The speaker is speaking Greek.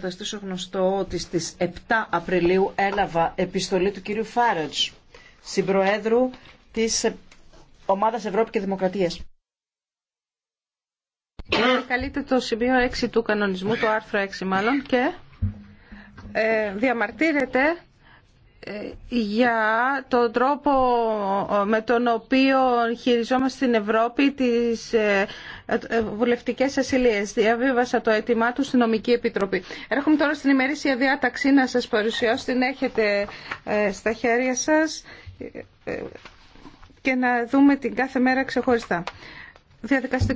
καταστήσω γνωστό ότι στις 7 Απριλίου έλαβα επιστολή του κύριου Φάρετς, συμπροέδρου της Ομάδας Ευρώπη και Δημοκρατίας. Καλείται το σημείο 6 του κανονισμού, το άρθρο 6 μάλλον, και ε, διαμαρτύρεται για τον τρόπο ε, με τον οποίο χειριζόμαστε στην Ευρώπη τις ε, ε, βουλευτικές ασυλίες. Διαβίβασα το αίτημά του στην Νομική Επιτροπή. Έρχομαι τώρα στην ημερήσια διάταξη να σας παρουσιάσω. Την έχετε στα χέρια σας και να δούμε την κάθε μέρα ξεχωριστά. Διαδικαστικό.